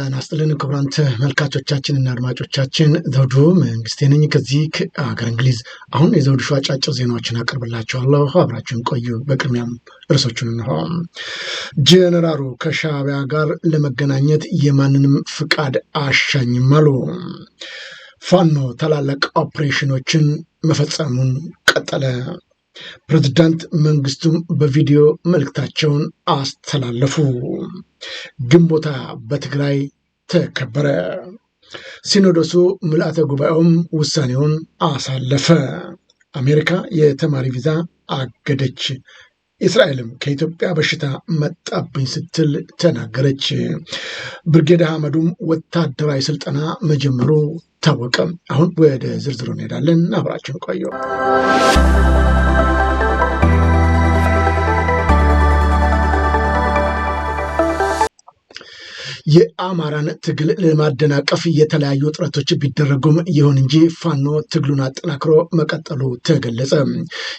ጤና ይስጥልን ክቡራን ተመልካቾቻችንና አድማጮቻችን ዘውዱ መንግስቴ ነኝ ከዚህ ከሀገር እንግሊዝ። አሁን የዘውዱ ሾው አጫጭር ዜናዎችን አቅርብላችኋለሁ፣ አብራችሁን ቆዩ። በቅድሚያም እርሶቹን እንሆ። ጄኔራሉ ከሻዕቢያ ጋር ለመገናኘት የማንንም ፍቃድ አሻኝም አሉ። ፋኖ ታላላቅ ኦፕሬሽኖችን መፈጸሙን ቀጠለ። ፕሬዚዳንት መንግስቱም በቪዲዮ መልእክታቸውን አስተላለፉ። ግንቦታ በትግራይ ተከበረ። ሲኖዶሱ ምልአተ ጉባኤውም ውሳኔውን አሳለፈ። አሜሪካ የተማሪ ቪዛ አገደች። እስራኤልም ከኢትዮጵያ በሽታ መጣብኝ ስትል ተናገረች። ብርጌዳ አህመዱም ወታደራዊ ስልጠና መጀመሩ ታወቀ። አሁን ወደ ዝርዝሩ እንሄዳለን። አብራችን ቆዩ። የአማራን ትግል ለማደናቀፍ የተለያዩ ጥረቶች ቢደረጉም ይሁን እንጂ ፋኖ ትግሉን አጠናክሮ መቀጠሉ ተገለጸ።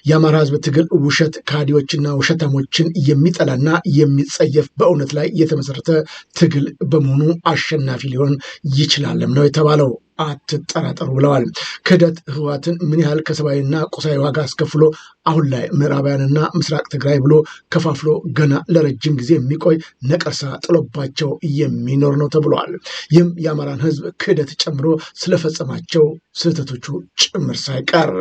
የአማራ ህዝብ ትግል ውሸት ካዲዎችና ውሸታሞችን የሚጠላና የሚጸየፍ በእውነት ላይ የተመሰረተ ትግል በመሆኑ አሸናፊ ሊሆን ይችላለም ነው የተባለው። አትጠራጠሩ ብለዋል። ክህደት ህወሓትን ምን ያህል ከሰብአዊና ቁሳዊ ዋጋ አስከፍሎ አሁን ላይ ምዕራባውያንና ምስራቅ ትግራይ ብሎ ከፋፍሎ ገና ለረጅም ጊዜ የሚቆይ ነቀርሳ ጥሎባቸው የሚኖር ነው ተብሏል። ይህም የአማራን ህዝብ ክህደት ጨምሮ ስለፈጸማቸው ስህተቶቹ ጭምር ሳይቀር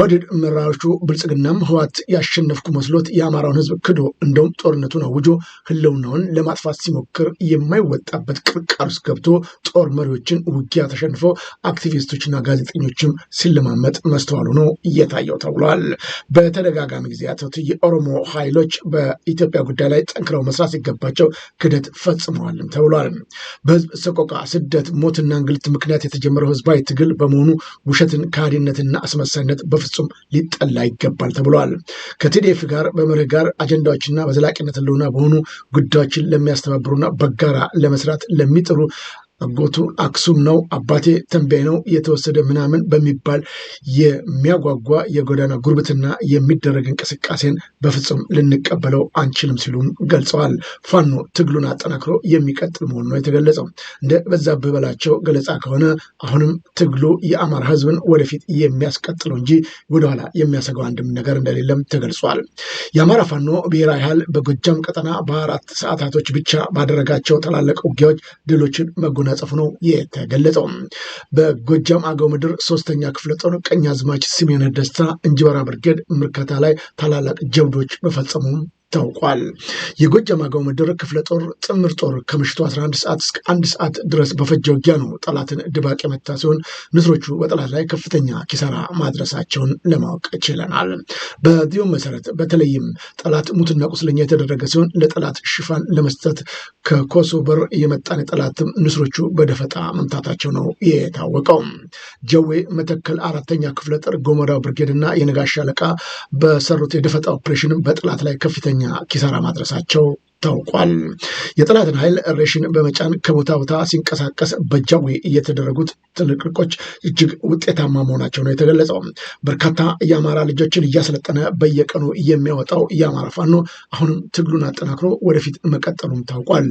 ኦህዴድ ምራዎቹ ብልጽግናም ህዋት ያሸነፍኩ መስሎት የአማራውን ህዝብ ክዶ እንደውም ጦርነቱን አውጆ ህልውናውን ለማጥፋት ሲሞክር የማይወጣበት ቅርቃር ውስጥ ገብቶ ጦር መሪዎችን ውጊያ ተሸንፈው አክቲቪስቶችና ጋዜጠኞችም ሲለማመጥ መስተዋሉ ነው እየታየው ተብሏል። በተደጋጋሚ ጊዜያት የኦሮሞ ኃይሎች በኢትዮጵያ ጉዳይ ላይ ጠንክረው መስራት ሲገባቸው ክደት ፈጽመዋልም ተብሏል። በህዝብ ሰቆቃ፣ ስደት፣ ሞትና እንግልት ምክንያት የተጀመረው ህዝባዊ ትግል በመሆኑ ውሸትን፣ ከሃዲነትና አስመሳይነት በፍጹም ሊጠላ ይገባል ተብሏል። ከቲዲኤፍ ጋር በመርህ ጋር አጀንዳዎችና በዘላቂነት ህልውና በሆኑ ጉዳዮችን ለሚያስተባብሩና በጋራ ለመስራት ለሚጥሩ አጎቱ አክሱም ነው፣ አባቴ ተንቢያ ነው የተወሰደ ምናምን በሚባል የሚያጓጓ የጎዳና ጉርብትና የሚደረግ እንቅስቃሴን በፍጹም ልንቀበለው አንችልም ሲሉም ገልጸዋል። ፋኖ ትግሉን አጠናክሮ የሚቀጥል መሆኑ ነው የተገለጸው። እንደ በዛብህ በላቸው ገለጻ ከሆነ አሁንም ትግሉ የአማራ ህዝብን ወደፊት የሚያስቀጥለው እንጂ ወደኋላ የሚያሰገው አንድም ነገር እንደሌለም ተገልጿል። የአማራ ፋኖ ብሔራዊ ኃይል በጎጃም ቀጠና በአራት ሰዓታቶች ብቻ ባደረጋቸው ታላላቅ ውጊያዎች ድሎችን መጎ መጎናጸፍ ነው የተገለጸው። በጎጃም አገው ምድር ሶስተኛ ክፍለ ጦር ቀኝ አዝማች ስሜነህ ደስታ እንጅበራ ብርጌድ ምርከታ ላይ ታላላቅ ጀብዶች መፈጸሙም ታውቋል። የጎጃም አገው ምድር ክፍለ ጦር ጥምር ጦር ከምሽቱ 11 ሰዓት እስከ አንድ ሰዓት ድረስ በፈጀ ውጊያ ነው ጠላትን ድባቅ የመታ ሲሆን ንስሮቹ በጠላት ላይ ከፍተኛ ኪሳራ ማድረሳቸውን ለማወቅ ችለናል። በዚሁም መሰረት በተለይም ጠላት ሙትና ቁስለኛ የተደረገ ሲሆን ለጠላት ሽፋን ለመስጠት ከኮሶበር በር የመጣን የጠላት ንስሮቹ በደፈጣ መምታታቸው ነው የታወቀው። ጀዌ መተከል አራተኛ ክፍለ ጦር ጎመራው ብርጌድና የነጋሽ ሻለቃ በሰሩት የደፈጣ ኦፕሬሽንም በጠላት ላይ ከፍተኛ ከፍተኛ ኪሳራ ማድረሳቸው ታውቋል። የጠላትን ኃይል ሬሽን በመጫን ከቦታ ቦታ ሲንቀሳቀስ በጃዊ እየተደረጉት ትንቅቆች እጅግ ውጤታማ መሆናቸው ነው የተገለጸው። በርካታ የአማራ ልጆችን እያሰለጠነ በየቀኑ የሚያወጣው የአማራ ፋኖ አሁንም ትግሉን አጠናክሮ ወደፊት መቀጠሉም ታውቋል።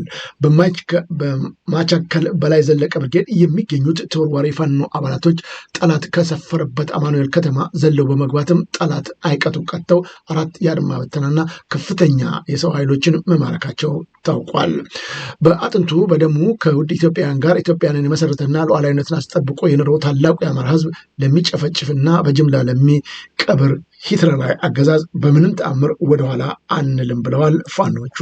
በማቻከል በላይ ዘለቀ ብርጌድ የሚገኙት ተወርዋሪ ፋኖ አባላቶች ጠላት ከሰፈረበት አማኑኤል ከተማ ዘለው በመግባትም ጠላት አይቀጡ ቀጥተው አራት የአድማ በተናና ከፍተኛ የሰው ኃይሎችን መማሪያ መላካቸው ታውቋል። በአጥንቱ በደሙ ከውድ ኢትዮጵያውያን ጋር ኢትዮጵያንን የመሰረተና ሉዓላዊነትን አስጠብቆ የኖረው ታላቁ የአማራ ህዝብ ለሚጨፈጭፍና በጅምላ ለሚቀብር ሂትለራዊ አገዛዝ በምንም ተአምር ወደኋላ አንልም ብለዋል። ፋኖቹ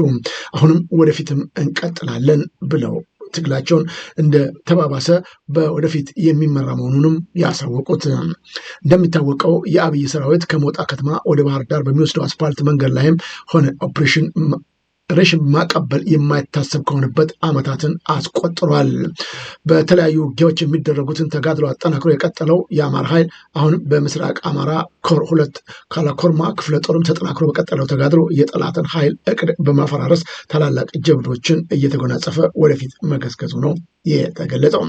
አሁንም ወደፊትም እንቀጥላለን ብለው ትግላቸውን እንደ ተባባሰ በወደፊት የሚመራ መሆኑንም ያሳወቁት። እንደሚታወቀው የአብይ ሰራዊት ከሞጣ ከተማ ወደ ባህር ዳር በሚወስደው አስፓልት መንገድ ላይም ሆነ ኦፕሬሽን ሬሽን ማቀበል የማይታሰብ ከሆነበት ዓመታትን አስቆጥሯል። በተለያዩ ውጊያዎች የሚደረጉትን ተጋድሎ አጠናክሮ የቀጠለው የአማራ ኃይል አሁንም በምስራቅ አማራ ኮር ሁለት ካላኮርማ ክፍለ ጦርም ተጠናክሮ በቀጠለው ተጋድሎ የጠላትን ኃይል እቅድ በማፈራረስ ታላላቅ ጀብዶችን እየተጎናጸፈ ወደፊት መገዝገዙ ነው የተገለጸው።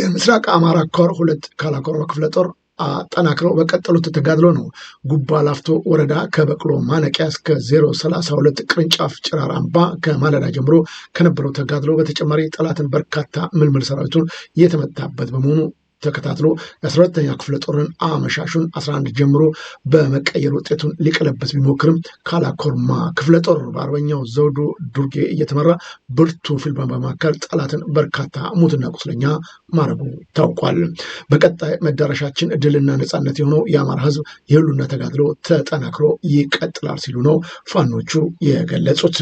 የምስራቅ አማራ ኮር ሁለት ካላኮርማ ክፍለ ጦር አጠናክረው በቀጠሉት ተጋድሎ ነው ጉባ ላፍቶ ወረዳ ከበቅሎ ማነቂያ እስከ 032 ቅርንጫፍ ጭራር አምባ ከማለዳ ጀምሮ ከነበረው ተጋድሎ በተጨማሪ ጠላትን በርካታ ምልምል ሰራዊቱን የተመታበት በመሆኑ ተከታትሎ የአስራሁለተኛ ክፍለ ጦርን አመሻሹን 11 ጀምሮ በመቀየር ውጤቱን ሊቀለበስ ቢሞክርም ካላኮርማ ክፍለ ጦር በአርበኛው ዘውዱ ዱርጌ እየተመራ ብርቱ ፊልማ በማካከል ጠላትን በርካታ ሙትና ቁስለኛ ማድረጉ ታውቋል። በቀጣይ መዳረሻችን ድልና ነፃነት የሆነው የአማራ ህዝብ የህሉና ተጋድሎ ተጠናክሮ ይቀጥላል ሲሉ ነው ፋኖቹ የገለጹት።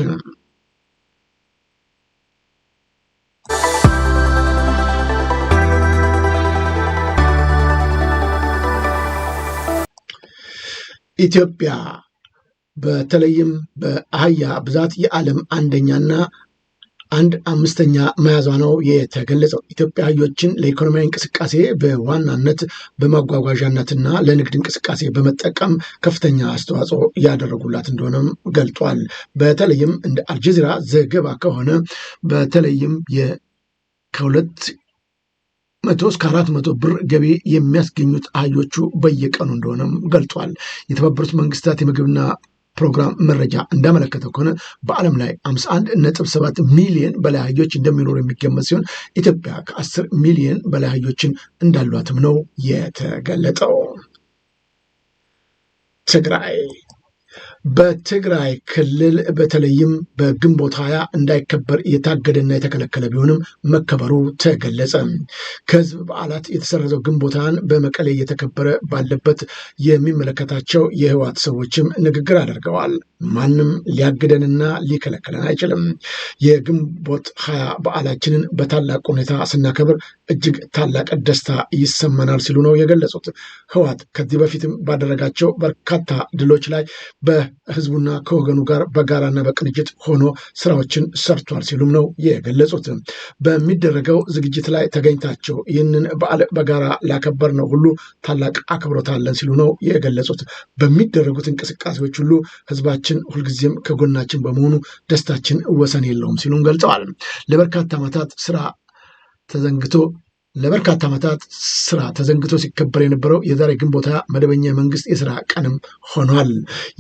ኢትዮጵያ በተለይም በአህያ ብዛት የዓለም አንደኛና አንድ አምስተኛ መያዟ ነው የተገለጸው። ኢትዮጵያ አህዮችን ለኢኮኖሚያዊ እንቅስቃሴ በዋናነት በማጓጓዣነትና ለንግድ እንቅስቃሴ በመጠቀም ከፍተኛ አስተዋጽኦ ያደረጉላት እንደሆነም ገልጧል። በተለይም እንደ አልጀዚራ ዘገባ ከሆነ በተለይም ከሁለት መቶ እስከ አራት መቶ ብር ገቢ የሚያስገኙት አህዮቹ በየቀኑ እንደሆነም ገልጧል። የተባበሩት መንግስታት የምግብና ፕሮግራም መረጃ እንዳመለከተው ከሆነ በዓለም ላይ 51 ነጥብ 7 ሚሊዮን በላይ አህዮች እንደሚኖሩ የሚገመት ሲሆን ኢትዮጵያ ከ10 ሚሊዮን በላይ አህዮችን እንዳሏትም ነው የተገለጠው። ትግራይ በትግራይ ክልል በተለይም በግንቦት ሀያ እንዳይከበር የታገደና የተከለከለ ቢሆንም መከበሩ ተገለጸ። ከህዝብ በዓላት የተሰረዘው ግንቦት ሀያን በመቀሌ እየተከበረ ባለበት የሚመለከታቸው የህወሓት ሰዎችም ንግግር አድርገዋል። ማንም ሊያግደንና ሊከለክለን አይችልም። የግንቦት ሀያ በዓላችንን በታላቅ ሁኔታ ስናከብር እጅግ ታላቅ ደስታ ይሰማናል ሲሉ ነው የገለጹት። ህወሓት ከዚህ በፊትም ባደረጋቸው በርካታ ድሎች ላይ በህዝቡና ከወገኑ ጋር በጋራና በቅንጅት ሆኖ ስራዎችን ሰርቷል ሲሉም ነው የገለጹት። በሚደረገው ዝግጅት ላይ ተገኝታቸው ይህንን በዓል በጋራ ላከበር ነው ሁሉ ታላቅ አክብሮት አለን ሲሉ ነው የገለጹት። በሚደረጉት እንቅስቃሴዎች ሁሉ ህዝባችን ቤተሰቦቻችን ሁልጊዜም ከጎናችን በመሆኑ ደስታችን ወሰን የለውም ሲሉም ገልጸዋል። ለበርካታ ዓመታት ስራ ተዘንግቶ ለበርካታ ዓመታት ስራ ተዘንግቶ ሲከበር የነበረው የዛሬ ግንቦታ መደበኛ የመንግስት የስራ ቀንም ሆኗል።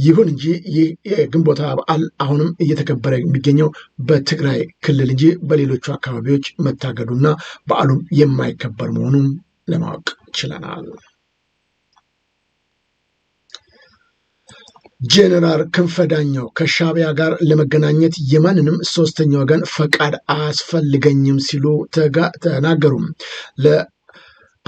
ይሁን እንጂ ይህ የግንቦታ በዓል አሁንም እየተከበረ የሚገኘው በትግራይ ክልል እንጂ በሌሎቹ አካባቢዎች መታገዱና በዓሉም የማይከበር መሆኑም ለማወቅ ችለናል። ጄኔራል ክንፈ ዳኘው ጋር ለመገናኘት የማንንም ሶስተኛ ወገን ፈቃድ አያስፈልገኝም ሲሉ ተናገሩ።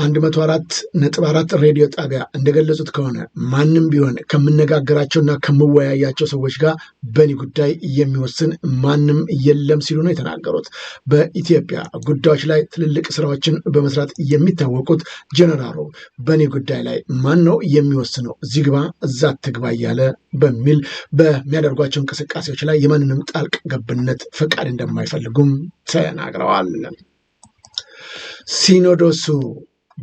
104.4 ሬዲዮ ጣቢያ እንደገለጹት ከሆነ ማንም ቢሆን ከምነጋገራቸውና ከምወያያቸው ሰዎች ጋር በእኔ ጉዳይ የሚወስን ማንም የለም ሲሉ ነው የተናገሩት። በኢትዮጵያ ጉዳዮች ላይ ትልልቅ ስራዎችን በመስራት የሚታወቁት ጀነራሉ በእኔ ጉዳይ ላይ ማን ነው የሚወስነው? እዚህ ግባ እዛ ትግባ እያለ በሚል በሚያደርጓቸው እንቅስቃሴዎች ላይ የማንንም ጣልቅ ገብነት ፈቃድ እንደማይፈልጉም ተናግረዋል። ሲኖዶሱ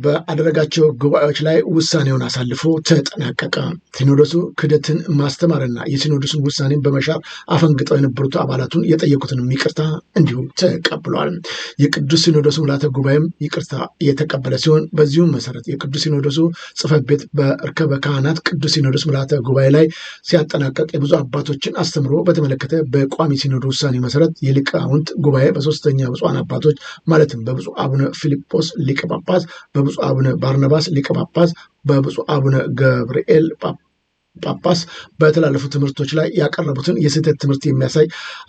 በአደረጋቸው ጉባኤዎች ላይ ውሳኔውን አሳልፎ ተጠናቀቀ። ሲኖዶሱ ክደትን ማስተማርና የሲኖዶሱን ውሳኔን በመሻር አፈንግጠው የነበሩት አባላቱን የጠየቁትን ይቅርታ እንዲሁ ተቀብሏል። የቅዱስ ሲኖዶሱ ምልዓተ ጉባኤም ይቅርታ የተቀበለ ሲሆን በዚሁም መሰረት የቅዱስ ሲኖዶሱ ጽሕፈት ቤት በእርከበ ካህናት ቅዱስ ሲኖዶስ ምልዓተ ጉባኤ ላይ ሲያጠናቀቅ የብዙ አባቶችን አስተምሮ በተመለከተ በቋሚ ሲኖዶ ውሳኔ መሰረት የሊቃውንት ጉባኤ በሶስተኛ ብፁዓን አባቶች ማለትም በብፁዕ አቡነ ፊልጶስ ሊቀ ጳጳስ በብፁ አቡነ ባርናባስ ሊቀ ጳጳስ፣ በብፁ አቡነ ገብርኤል ጳጳስ በተላለፉ ትምህርቶች ላይ ያቀረቡትን የስህተት ትምህርት የሚያሳይ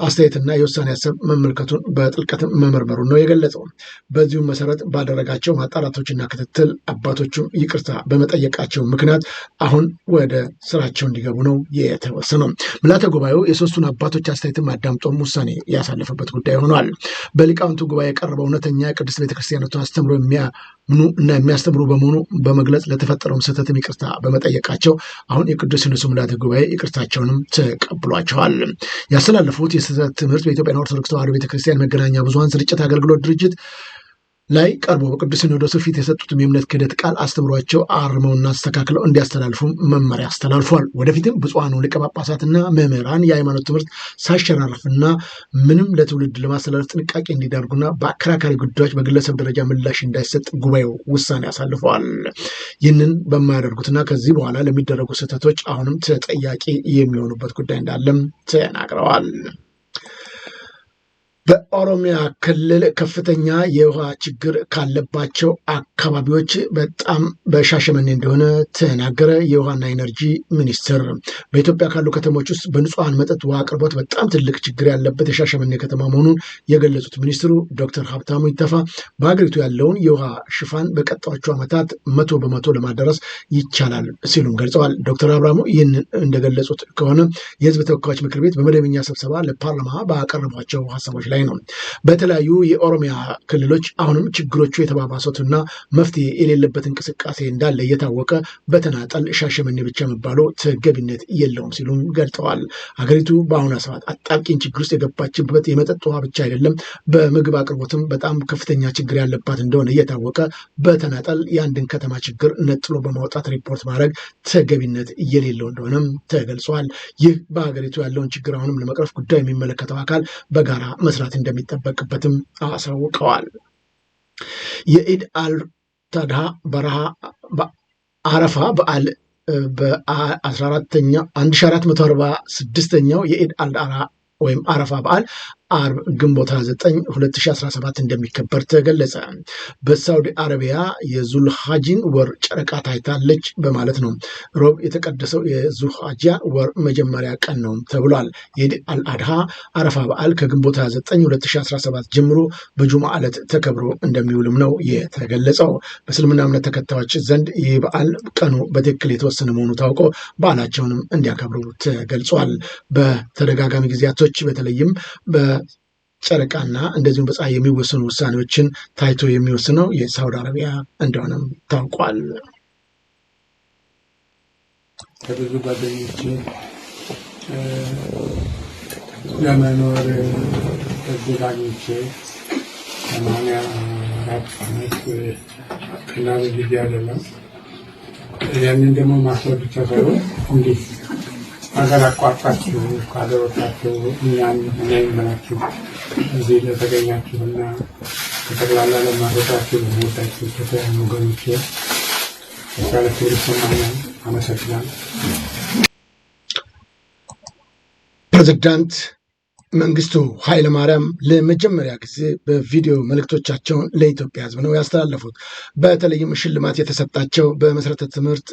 አስተያየትና የውሳኔ ሀሳብ መመልከቱን በጥልቀት መመርመሩን ነው የገለጸው። በዚሁም መሰረት ባደረጋቸው ማጣራቶችና ክትትል አባቶቹም ይቅርታ በመጠየቃቸው ምክንያት አሁን ወደ ስራቸው እንዲገቡ ነው የተወሰነው። ምልዓተ ጉባኤው የሶስቱን አባቶች አስተያየትም አዳምጦም ውሳኔ ያሳለፈበት ጉዳይ ሆኗል። በሊቃውንቱ ጉባኤ የቀረበው እውነተኛ ቅድስት ቤተክርስቲያነቱ አስተምሮ የሚያ እና የሚያስተምሩ በመሆኑ በመግለጽ ለተፈጠረውም ስህተትም ይቅርታ በመጠየቃቸው አሁን ቅዱስ ሲኖዶስ ምልዓተ ጉባኤ ይቅርታቸውንም ተቀብሏቸዋል። ያስተላለፉት የስህተት ትምህርት በኢትዮጵያ ኦርቶዶክስ ተዋሕዶ ቤተክርስቲያን መገናኛ ብዙኃን ስርጭት አገልግሎት ድርጅት ላይ ቀርቦ በቅዱስ ሲኖዶሱ ፊት የሰጡትም የእምነት ክህደት ቃል አስተምሯቸው አርመውና አስተካክለው እንዲያስተላልፉም መመሪያ አስተላልፏል። ወደፊትም ብፁዓኑ ሊቀ ጳጳሳትና መምህራን የሃይማኖት ትምህርት ሳሸራርፍና ምንም ለትውልድ ለማስተላለፍ ጥንቃቄ እንዲደርጉና በአከራካሪ ጉዳዮች በግለሰብ ደረጃ ምላሽ እንዳይሰጥ ጉባኤው ውሳኔ አሳልፈዋል። ይህንን በማያደርጉትና ከዚህ በኋላ ለሚደረጉ ስህተቶች አሁንም ተጠያቂ የሚሆኑበት ጉዳይ እንዳለም ተናግረዋል። በኦሮሚያ ክልል ከፍተኛ የውሃ ችግር ካለባቸው አካባቢዎች በጣም በሻሸመኔ እንደሆነ ተናገረ። የውሃና ኢነርጂ ሚኒስትር በኢትዮጵያ ካሉ ከተሞች ውስጥ በንጹሐን መጠጥ ውሃ አቅርቦት በጣም ትልቅ ችግር ያለበት የሻሸመኔ ከተማ መሆኑን የገለጹት ሚኒስትሩ ዶክተር ሀብታሙ ይተፋ በሀገሪቱ ያለውን የውሃ ሽፋን በቀጣዮቹ ዓመታት መቶ በመቶ ለማዳረስ ይቻላል ሲሉም ገልጸዋል። ዶክተር አብርሃሙ ይህንን እንደገለጹት ከሆነ የህዝብ ተወካዮች ምክር ቤት በመደበኛ ስብሰባ ለፓርላማ ባቀረቧቸው ሀሳቦች ላይ ነው። በተለያዩ የኦሮሚያ ክልሎች አሁንም ችግሮቹ የተባባሱትና መፍትሄ የሌለበት እንቅስቃሴ እንዳለ እየታወቀ በተናጠል ሻሸመኔ ብቻ መባሉ ተገቢነት የለውም ሲሉም ገልጠዋል። ሀገሪቱ በአሁኑ ሰዓት አጣብቂኝ ችግር ውስጥ የገባችበት የመጠጥ ውሃ ብቻ አይደለም፣ በምግብ አቅርቦትም በጣም ከፍተኛ ችግር ያለባት እንደሆነ እየታወቀ በተናጠል የአንድን ከተማ ችግር ነጥሎ በማውጣት ሪፖርት ማድረግ ተገቢነት የሌለው እንደሆነም ተገልጿል። ይህ በሀገሪቱ ያለውን ችግር አሁንም ለመቅረፍ ጉዳይ የሚመለከተው አካል በጋራ መስራት መስራት እንደሚጠበቅበትም አሳውቀዋል። የኢድ አል ታድሃ በረሃ አረፋ በዓል መቶ አርባ ስድስተኛው የኢድ አል አራ ወይም አረፋ በዓል አርብ ግንቦት 29 2017 እንደሚከበር ተገለጸ። በሳውዲ አረቢያ የዙልሃጂን ወር ጨረቃ ታይታለች በማለት ነው። ሮብ የተቀደሰው የዙልሃጂያ ወር መጀመሪያ ቀን ነው ተብሏል። የኢድ አልአድሃ አረፋ በዓል ከግንቦት 29 2017 ጀምሮ በጁማ ዕለት ተከብሮ እንደሚውልም ነው የተገለጸው። በእስልምና እምነት ተከታዮች ዘንድ ይህ በዓል ቀኑ በትክክል የተወሰነ መሆኑ ታውቆ በዓላቸውንም እንዲያከብሩ ተገልጿል። በተደጋጋሚ ጊዜያቶች በተለይም ጨረቃና እንደዚሁም በፀሐይ የሚወሰኑ ውሳኔዎችን ታይቶ የሚወስነው የሳውዲ አረቢያ እንደሆነም ታውቋል። ከብዙ ጓደኞች ለመኖር እድል አግኝቼ ሰማንያ አራት ዓመት ቀላል ጊዜ አይደለም። ያንን ደግሞ ማሰብ ብቻ ሳይሆን እንዲህ ሀገር አዘናቋጫችሁ ከሀገሮቻችሁ እኛን የሚመናችሁ እዚህ ለተገኛችሁና በጠቅላላ ለማድረጋችሁ ለመወዳችሁ ከተለያዩ ወገኖች የተሻለ ክብር ይሰማኛል። አመሰግናለሁ። ፕሬዚዳንት መንግስቱ ኃይለማርያም ለመጀመሪያ ጊዜ በቪዲዮ መልእክቶቻቸውን ለኢትዮጵያ ሕዝብ ነው ያስተላለፉት። በተለይም ሽልማት የተሰጣቸው በመሰረተ ትምህርት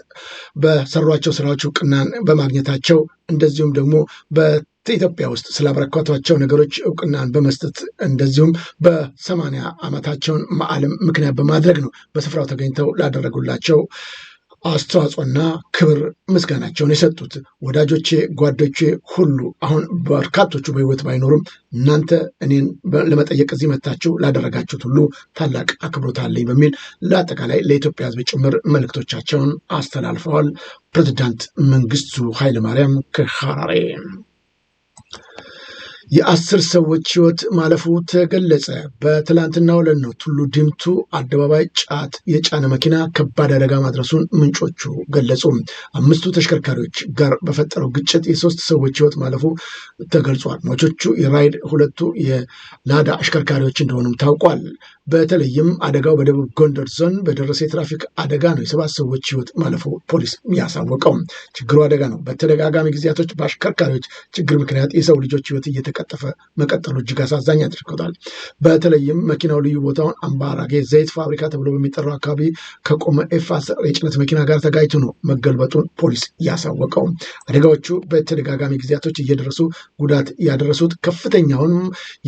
በሰሯቸው ስራዎች እውቅናን በማግኘታቸው እንደዚሁም ደግሞ በኢትዮጵያ ውስጥ ስላበረከቷቸው ነገሮች እውቅናን በመስጠት እንደዚሁም በሰማንያ ዓመታቸውን መዓለም ምክንያት በማድረግ ነው በስፍራው ተገኝተው ላደረጉላቸው አስተዋጽኦና ክብር ምስጋናቸውን የሰጡት ወዳጆቼ፣ ጓዶቼ ሁሉ አሁን በርካቶቹ በህይወት ባይኖሩም እናንተ እኔን ለመጠየቅ እዚህ መታችሁ ላደረጋችሁት ሁሉ ታላቅ አክብሮት አለኝ በሚል ለአጠቃላይ ለኢትዮጵያ ህዝብ ጭምር መልእክቶቻቸውን አስተላልፈዋል። ፕሬዚዳንት መንግስቱ ኃይለማርያም ከሐራሬ የአስር ሰዎች ህይወት ማለፉ ተገለጸ። በትላንትናው ዕለት ነው ቱሉ ዲምቱ አደባባይ ጫት የጫነ መኪና ከባድ አደጋ ማድረሱን ምንጮቹ ገለጹ። አምስቱ ተሽከርካሪዎች ጋር በፈጠረው ግጭት የሶስት ሰዎች ህይወት ማለፉ ተገልጿል። ሟቾቹ የራይድ ሁለቱ የላዳ አሽከርካሪዎች እንደሆኑም ታውቋል። በተለይም አደጋው በደቡብ ጎንደር ዞን በደረሰ የትራፊክ አደጋ ነው የሰባት ሰዎች ህይወት ማለፉ ፖሊስ ያሳወቀው። ችግሩ አደጋ ነው በተደጋጋሚ ጊዜያቶች በአሽከርካሪዎች ችግር ምክንያት የሰው ልጆች ህይወት እየተቀ እየተቀጠፈ መቀጠሉ እጅግ አሳዛኝ አድርጎታል። በተለይም መኪናው ልዩ ቦታውን አምባራጌ ዘይት ፋብሪካ ተብሎ በሚጠራው አካባቢ ከቆመ ኤፍ አስር የጭነት መኪና ጋር ተጋጭቶ ነው መገልበጡን ፖሊስ ያሳወቀው። አደጋዎቹ በተደጋጋሚ ጊዜያቶች እየደረሱ ጉዳት ያደረሱት ከፍተኛውን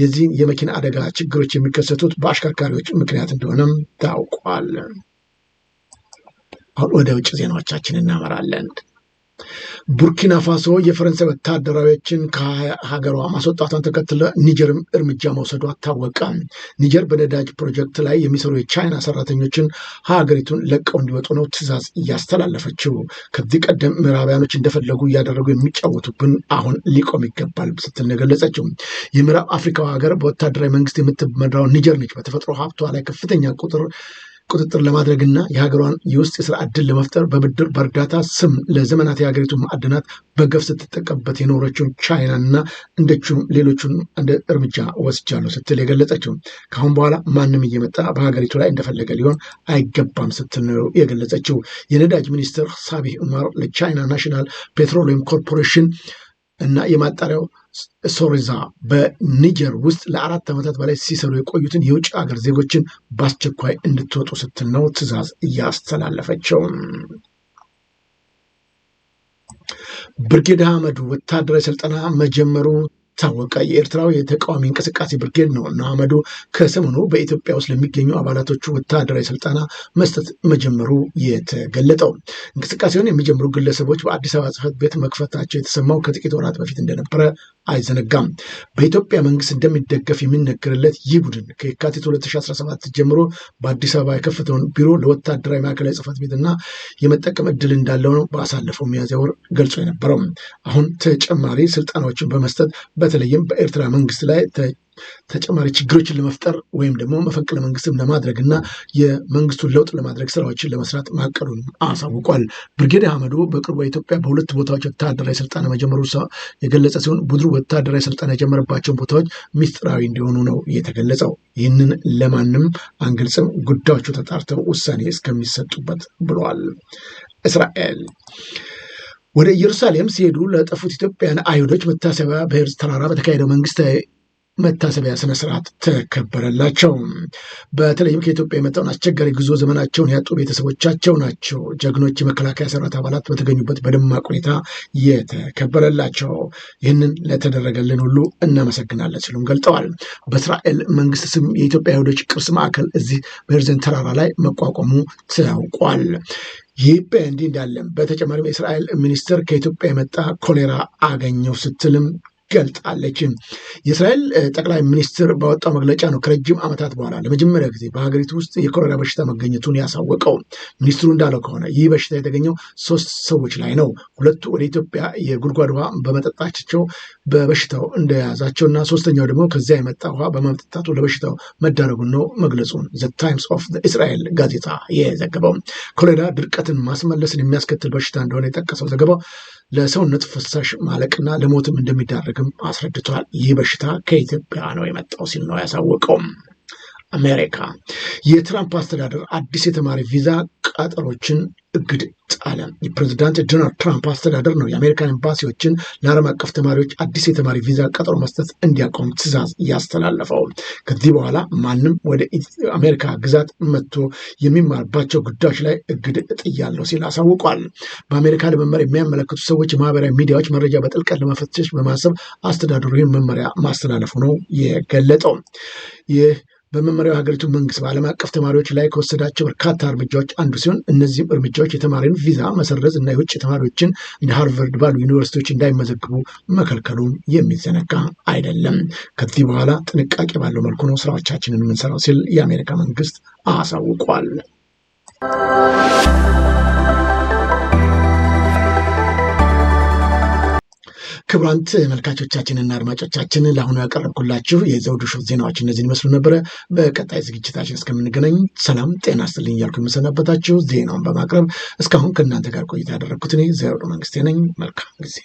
የዚህን የመኪና አደጋ ችግሮች የሚከሰቱት በአሽከርካሪዎች ምክንያት እንደሆነም ታውቋል። አሁን ወደ ውጭ ዜናዎቻችን እናመራለን። ቡርኪና ፋሶ የፈረንሳይ ወታደራዊዎችን ከሀገሯ ማስወጣቷን ተከትለ ኒጀርም እርምጃ መውሰዷ ታወቀ። ኒጀር በነዳጅ ፕሮጀክት ላይ የሚሰሩ የቻይና ሰራተኞችን ሀገሪቱን ለቀው እንዲወጡ ነው ትዕዛዝ እያስተላለፈችው። ከዚህ ቀደም ምዕራባውያኖች እንደፈለጉ እያደረጉ የሚጫወቱብን አሁን ሊቆም ይገባል ስትል ነው የገለጸችው። የምዕራብ አፍሪካ ሀገር በወታደራዊ መንግስት የምትመራው ኒጀር ነች። በተፈጥሮ ሀብቷ ላይ ከፍተኛ ቁጥር ቁጥጥር ለማድረግና የሀገሯን የውስጥ የስራ ዕድል ለመፍጠር በብድር በእርዳታ ስም ለዘመናት የሀገሪቱ ማዕድናት በገፍ ስትጠቀምበት የኖረችውን ቻይናና እንደችም ሌሎቹን እንደ እርምጃ ወስጃለሁ ስትል የገለጸችው ከአሁን በኋላ ማንም እየመጣ በሀገሪቱ ላይ እንደፈለገ ሊሆን አይገባም ስትል ነው የገለጸችው። የነዳጅ ሚኒስትር ሳቢህ ዑመር ለቻይና ናሽናል ፔትሮሊየም ኮርፖሬሽን እና የማጣሪያው ሶሪዛ በኒጀር ውስጥ ለአራት ዓመታት በላይ ሲሰሩ የቆዩትን የውጭ ሀገር ዜጎችን በአስቸኳይ እንድትወጡ ስትል ነው ትዕዛዝ እያስተላለፈችው። ብርጌድ አህመዱ ወታደራዊ ስልጠና መጀመሩ ታወቀ የኤርትራው የተቃዋሚ እንቅስቃሴ ብርጌድ ነው እና አመዱ ከሰሞኑ በኢትዮጵያ ውስጥ ለሚገኙ አባላቶቹ ወታደራዊ ስልጠና መስጠት መጀመሩ የተገለጠው። እንቅስቃሴውን የሚጀምሩ ግለሰቦች በአዲስ አበባ ጽሕፈት ቤት መክፈታቸው የተሰማው ከጥቂት ወራት በፊት እንደነበረ አይዘነጋም። በኢትዮጵያ መንግስት እንደሚደገፍ የሚነገርለት ይህ ቡድን ከየካቲት 2017 ጀምሮ በአዲስ አበባ የከፈተውን ቢሮ ለወታደራዊ ማዕከላዊ ጽሕፈት ቤትና የመጠቀም እድል እንዳለው ነው በአሳለፈው ሚያዝያ ወር ገልጾ የነበረው። አሁን ተጨማሪ ስልጠናዎችን በመስጠት በተለይም በኤርትራ መንግስት ላይ ተጨማሪ ችግሮችን ለመፍጠር ወይም ደግሞ መፈንቅለ መንግስትም ለማድረግ እና የመንግስቱን ለውጥ ለማድረግ ስራዎችን ለመስራት ማቀዱን አሳውቋል። ብርጌድ አህመዱ በቅርቡ ኢትዮጵያ በሁለት ቦታዎች ወታደራዊ ስልጠና መጀመሩ የገለጸ ሲሆን ቡድኑ ወታደራዊ ስልጠና የጀመረባቸውን ቦታዎች ሚስጥራዊ እንዲሆኑ ነው የተገለጸው። ይህንን ለማንም አንገልጽም፣ ጉዳዮቹ ተጣርተው ውሳኔ እስከሚሰጡበት ብለዋል። እስራኤል ወደ ኢየሩሳሌም ሲሄዱ ለጠፉት ኢትዮጵያን አይሁዶች መታሰቢያ በሄርዝ ተራራ በተካሄደው መንግስታዊ መታሰቢያ ስነስርዓት ተከበረላቸው። በተለይም ከኢትዮጵያ የመጣውን አስቸጋሪ ጉዞ ዘመናቸውን ያጡ ቤተሰቦቻቸው ናቸው ጀግኖች የመከላከያ ሰራዊት አባላት በተገኙበት በደማቅ ሁኔታ የተከበረላቸው። ይህንን ለተደረገልን ሁሉ እናመሰግናለን ሲሉም ገልጠዋል። በእስራኤል መንግስት ስም የኢትዮጵያ አይሁዶች ቅርስ ማዕከል እዚህ በሄርዝን ተራራ ላይ መቋቋሙ ታውቋል። ይህ በእንዲህ እንዳለም በተጨማሪም የእስራኤል ሚኒስትር ከኢትዮጵያ የመጣ ኮሌራ አገኘው ስትልም ገልጣለች። የእስራኤል ጠቅላይ ሚኒስትር ባወጣው መግለጫ ነው ከረጅም ዓመታት በኋላ ለመጀመሪያ ጊዜ በሀገሪቱ ውስጥ የኮሮና በሽታ መገኘቱን ያሳወቀው። ሚኒስትሩ እንዳለው ከሆነ ይህ በሽታ የተገኘው ሶስት ሰዎች ላይ ነው። ሁለቱ ወደ ኢትዮጵያ የጉድጓድ ውሃ በመጠጣቸው በበሽታው እንደያዛቸው እና ሶስተኛው ደግሞ ከዚያ የመጣ ውሃ በመጠጣቱ ለበሽታው መዳረጉን ነው መግለጹን ዘ ታይምስ ኦፍ እስራኤል ጋዜጣ የዘገበው። ኮሌራ ድርቀትን ማስመለስን የሚያስከትል በሽታ እንደሆነ የጠቀሰው ዘገባው ለሰውነት ፍሳሽ ማለቅና ለሞትም እንደሚዳረግ እንደሚያደርግም አስረድቷል። ይህ በሽታ ከኢትዮጵያ ነው የመጣው ሲል ነው ያሳወቀውም። አሜሪካ የትራምፕ አስተዳደር አዲስ የተማሪ ቪዛ ቀጠሮችን እግድ ጣለ። የፕሬዚዳንት ዶናልድ ትራምፕ አስተዳደር ነው የአሜሪካን ኤምባሲዎችን ለዓለም አቀፍ ተማሪዎች አዲስ የተማሪ ቪዛ ቀጠሮ መስጠት እንዲያቆም ትዕዛዝ ያስተላለፈው። ከዚህ በኋላ ማንም ወደ አሜሪካ ግዛት መጥቶ የሚማርባቸው ጉዳዮች ላይ እግድ እጥያለሁ ሲል አሳውቋል። በአሜሪካ ለመመሪያ የሚያመለክቱ ሰዎች የማህበራዊ ሚዲያዎች መረጃ በጥልቀት ለመፈተሽ በማሰብ አስተዳደሩ ይህን መመሪያ ማስተላለፉ ነው የገለጠው። ይህ በመመሪያው ሀገሪቱ መንግስት በዓለም አቀፍ ተማሪዎች ላይ ከወሰዳቸው በርካታ እርምጃዎች አንዱ ሲሆን እነዚህም እርምጃዎች የተማሪን ቪዛ መሰረዝ እና የውጭ ተማሪዎችን እንደ ሃርቨርድ ባሉ ዩኒቨርሲቲዎች እንዳይመዘግቡ መከልከሉም የሚዘነጋ አይደለም። ከዚህ በኋላ ጥንቃቄ ባለው መልኩ ነው ስራዎቻችንን የምንሰራው ሲል የአሜሪካ መንግስት አሳውቋል። ክቡራን ተመልካቾቻችንና አድማጮቻችን ለአሁኑ ያቀረብኩላችሁ የዘውዱ ሾው ዜናዎች እነዚህን ይመስሉ ነበረ። በቀጣይ ዝግጅታችን እስከምንገናኝ ሰላም ጤና ይስጥልኝ እያልኩ የምሰናበታችሁ ዜናውን በማቅረብ እስካሁን ከእናንተ ጋር ቆይታ ያደረግኩት እኔ ዘውዱ መንግስቴ ነኝ። መልካም ጊዜ